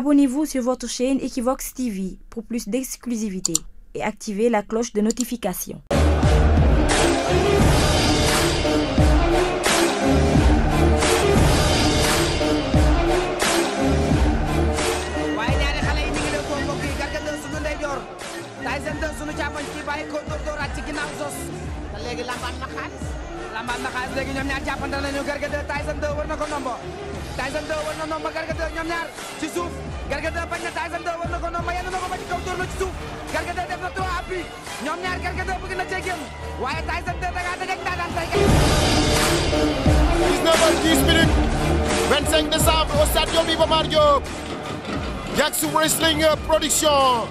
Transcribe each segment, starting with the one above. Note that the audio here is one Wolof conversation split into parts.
Abonnez-vous sur votre chaîne Equivox TV waaye ñaari xale yi ñu ngi lëkkaloo mbokk yi Garga 2 sunu ndeyjoor Tyson ci bàyyi ko dóor ci ginnaaw sos te léegi lambaat na xaalis léegi ñoom ñaar jàppante nañu Garga 2 Tyson na nombo Tyson ñoom ñaar ci suuf. Tyson 2 war na ko noonu ma yenn na ko ba ci kaw dóor Garga 2 def na trois appui ñoom Garga 2 bëgg na cee génn waaye Tyson 2 da ngaa dëgg daanaan tey. 19 heures 10 minutes 25 décembre au stade Iba Mar Diop Jackson Wrestling uh, Production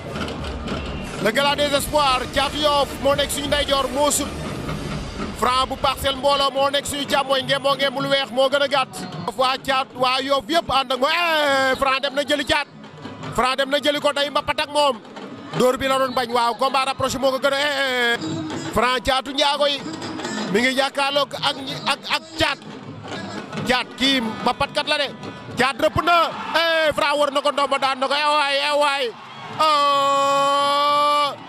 le gala des espoirs Thiatou moo nekk suñu ndeyjoor moo sut Franc bu Parcelles mbooloo moo nekk suñu càmmooñ ngemboo ngembul weex moo gën a gàtt waa caat waa Yoff yëpp ànd ak mooy eh, Franc dem na Franc dem na jëli ko day mbapat moom dóor bi la bañ waaw combat rapproché moo ko gën a eh, eh, eh. Franc caatu njaago yi mi ngi jàkkaarloog ak caat caat kii mbapat kat la de caat rëpp na Franc war na ko daan na ewaay ewaay oh!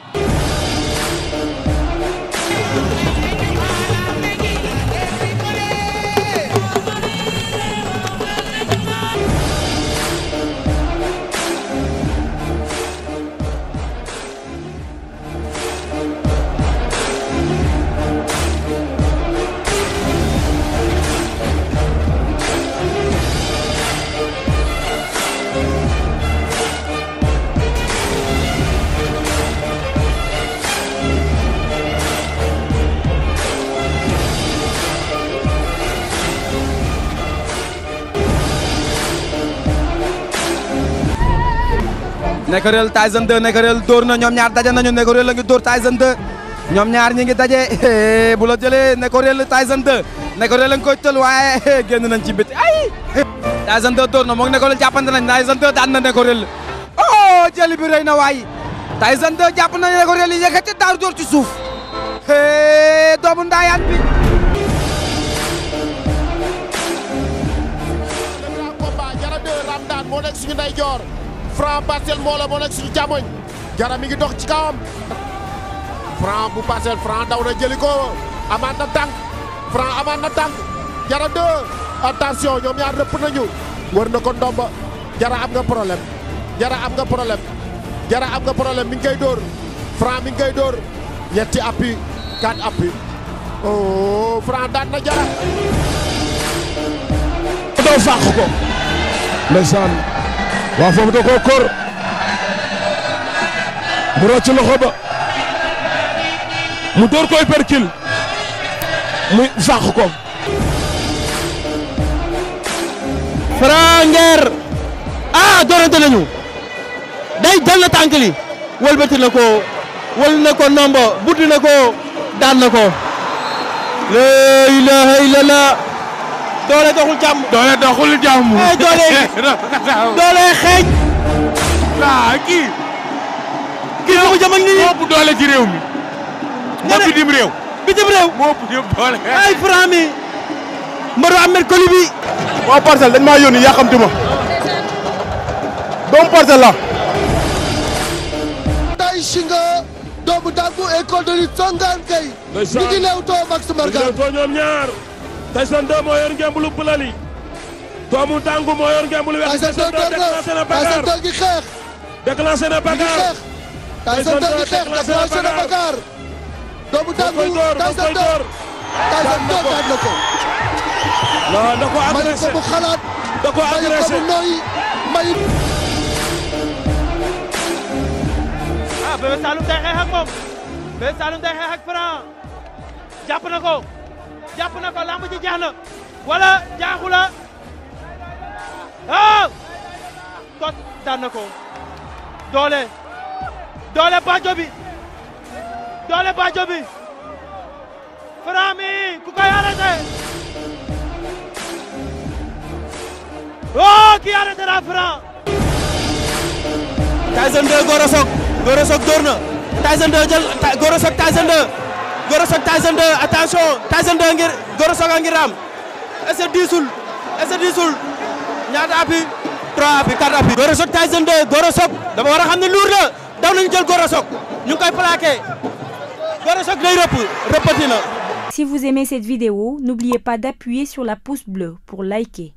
Néckorel Tyson 2 Néckorel dóor na ñoom ñaar daje nañu Néckorel la ngi dóor Tyson 2 ñoom ñaar ñi ngi daje bu la jëlee Néckorel Tyson 2 Néckorel la ngi koy tël waaye génn nañ ci biti ay Tyson 2 dóor na moog Néckorel jàppante nañ Tyson 2 daan na Néckorel oh na waay Tyson 2 jàpp na Néckorel yi yëkkati daar dóor ci suuf doomu ndaayaan bi Franc parcelle moo la moo nekk suñu càmmoñ Jara mi ngi dox ci kawam Franc bu parcelle Franc daw na jëli ko amaat na tànk Franc amaat na tànk Jara deux attention ñoom ñaar rëpp wër na ko ndomba Jara am nga problème Jara am nga problème Jara am nga problème mi ngi koy dóor Franc mi ngi koy dóor ñetti appui quatre appui oh daan na Jara doo fàq ko ndeysaan waa foofu da koo kor mu rocc loxo ba mu door koy perkil mu fàq ko Franc Nguer ah doorante nañu day jël na tànk li wëlbati na ko wël ko nomba buddi ko daan ko la ilaha doole doxul jàmm. doole doxul jàmm. Eh, doole doole xeeñ. ah kii. kii boo ko jëm doole ci réew mi. nga ne bitim réew. bitim réew. moo ëpp ñëpp doole. ay bi. waa parcelle dañ maa yónni yàqamti ma. doomu parcelle la. Tay Shinga doomu Darou école de lutte Songane Gueye. ndeysaan too Max Mbargane ñoom Tyson 2 moo yor ngemb lu bëla li doomu dàngu moo yor ngemb lu weex. Tyson 2 déclenché na Bakar Tyson 2 gi xeex. gi xeex déclenché na Bakar. doomu dàngu Tyson 2 Tyson 2 daan na ko. non mu xalaat. da ko ah, xeex ak moom Bébé Saloum day xeex ak Franc jàpp na ko. jàpp na ko lamb ji jeex na wala kot daan ko doole doole baajo bi doole baajo bi Franc ku koy arrêté oh kii arrêté na Franc. Tyson 2 Gora Sock Gora Gora Sock Tyson 2 attention Tyson 2 ngir Gora Sock a ngir est-ce que diisul est-ce que diisul ñaata appui 3 appui 4 appui. Gora Sock Tyson 2 Gora Sock dama war ne luur la daw nañu jël Gora Sock day rëpp rëppati na. Si vous aimez cette vidéo, n'oubliez pas d'appuyer sur la pouce bleue pour liker.